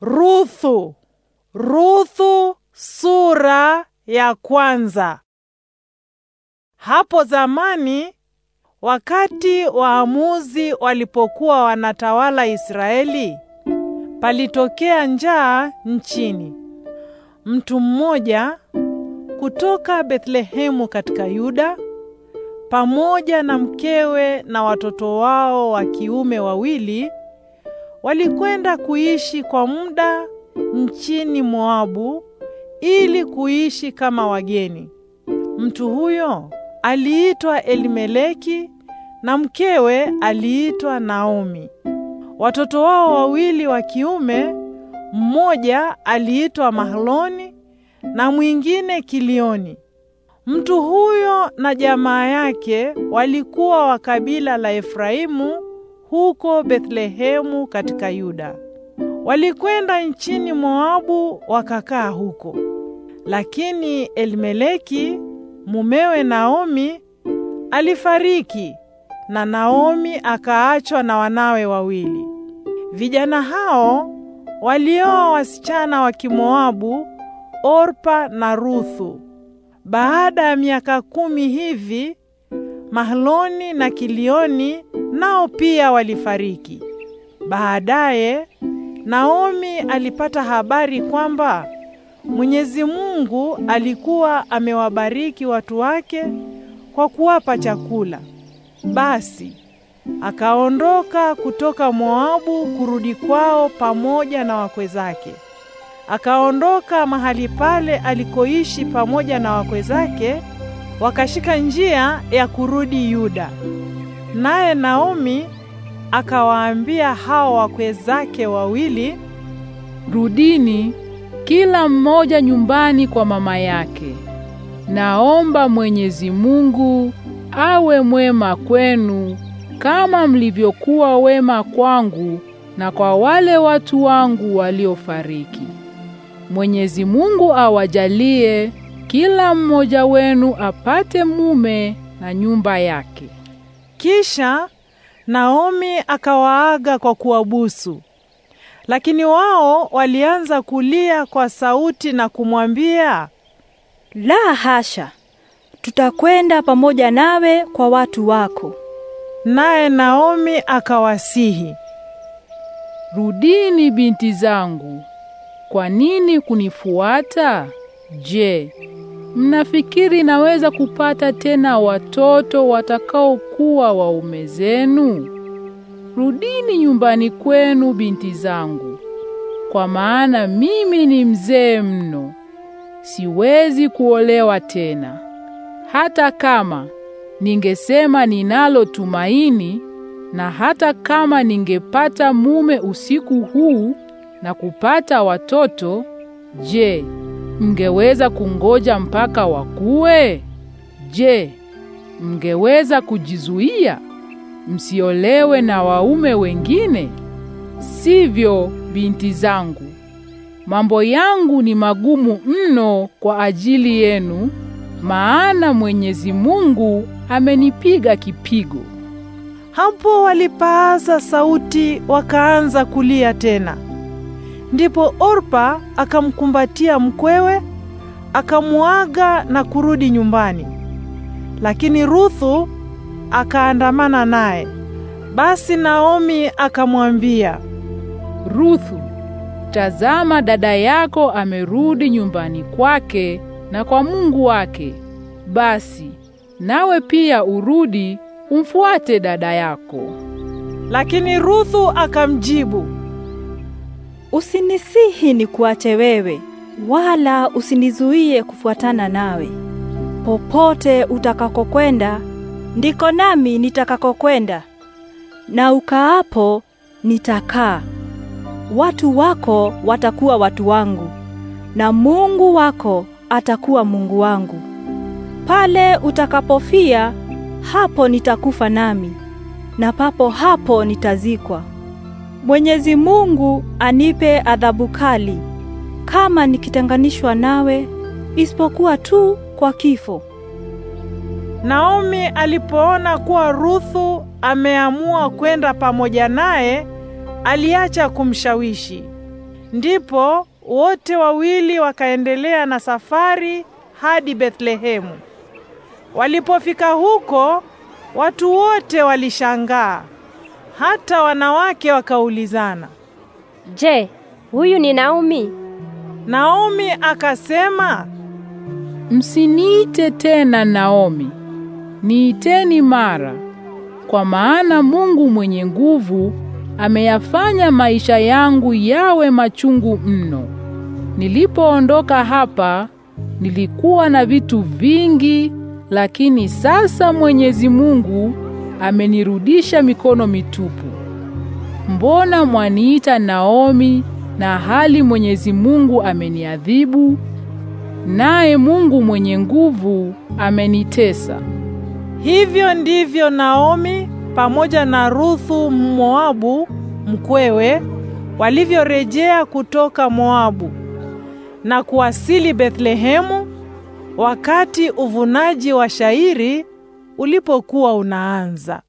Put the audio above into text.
Ruthu. Ruthu sura ya kwanza. Hapo zamani wakati waamuzi walipokuwa wanatawala Israeli, palitokea njaa nchini. Mtu mmoja kutoka Bethlehemu katika Yuda pamoja na mkewe na watoto wao wa kiume wawili Walikwenda kuishi kwa muda nchini Moabu ili kuishi kama wageni. Mtu huyo aliitwa Elimeleki na mkewe aliitwa Naomi. Watoto wao wawili wa kiume, mmoja aliitwa Mahloni na mwingine Kilioni. Mtu huyo na jamaa yake walikuwa wa kabila la Efraimu huko Bethlehemu katika Yuda. Walikwenda nchini Moabu wakakaa huko. Lakini Elimeleki mumewe Naomi alifariki na Naomi akaachwa na wanawe wawili. Vijana hao walioa wasichana wa Kimoabu Orpa na Ruthu. Baada ya miaka kumi hivi Mahloni na Kilioni nao pia walifariki. Baadaye Naomi alipata habari kwamba Mwenyezi Mungu alikuwa amewabariki watu wake kwa kuwapa chakula. Basi akaondoka kutoka Moabu kurudi kwao pamoja na wakwe zake. Akaondoka mahali pale alikoishi pamoja na wakwe zake, wakashika njia ya kurudi Yuda. Naye Naomi akawaambia hao wakwe zake wawili, rudini kila mmoja nyumbani kwa mama yake. Naomba Mwenyezi Mungu awe mwema kwenu kama mlivyokuwa wema kwangu na kwa wale watu wangu waliofariki. Mwenyezi Mungu awajalie kila mmoja wenu apate mume na nyumba yake. Kisha Naomi akawaaga kwa kuwabusu. Lakini wao walianza kulia kwa sauti na kumwambia, La hasha, tutakwenda pamoja nawe kwa watu wako. Naye Naomi akawasihi, Rudini binti zangu, kwa nini kunifuata? Je, Mnafikiri naweza kupata tena watoto watakaokuwa waume zenu? Rudini nyumbani kwenu, binti zangu, kwa maana mimi ni mzee mno, siwezi kuolewa tena. Hata kama ningesema ninalo tumaini, na hata kama ningepata mume usiku huu na kupata watoto, je, mngeweza kungoja mpaka wakue? Je, mngeweza kujizuia msiolewe na waume wengine? Sivyo, binti zangu, mambo yangu ni magumu mno kwa ajili yenu, maana Mwenyezi Mungu amenipiga kipigo. Hapo walipaaza sauti wakaanza kulia tena. Ndipo Orpa akamkumbatia mkwewe, akamuaga na kurudi nyumbani. Lakini Ruthu akaandamana naye. Basi Naomi akamwambia, Ruthu, tazama dada yako amerudi nyumbani kwake na kwa Mungu wake. Basi nawe pia urudi umfuate dada yako. Lakini Ruthu akamjibu Usinisihi nikuache wewe, wala usinizuie kufuatana nawe. Popote utakakokwenda ndiko nami nitakakokwenda, na ukaapo nitakaa. Watu wako watakuwa watu wangu, na Mungu wako atakuwa Mungu wangu. Pale utakapofia, hapo nitakufa nami, na papo hapo nitazikwa. Mwenyezi Mungu anipe adhabu kali kama nikitenganishwa nawe isipokuwa tu kwa kifo. Naomi alipoona kuwa Ruthu ameamua kwenda pamoja naye, aliacha kumshawishi. Ndipo wote wawili wakaendelea na safari hadi Bethlehemu. Walipofika huko, watu wote walishangaa. Hata wanawake wakaulizana, Je, huyu ni Naomi? Naomi akasema, msiniite tena Naomi, niiteni Mara, kwa maana Mungu mwenye nguvu ameyafanya maisha yangu yawe machungu mno. Nilipoondoka hapa nilikuwa na vitu vingi, lakini sasa Mwenyezi Mungu amenirudisha mikono mitupu. Mbona mwaniita Naomi na hali Mwenyezi Mungu ameniadhibu? Naye Mungu mwenye nguvu amenitesa. Hivyo ndivyo Naomi pamoja na Ruthu moabu mkwewe walivyorejea kutoka Moabu na kuwasili Bethlehemu wakati uvunaji wa shairi ulipokuwa unaanza.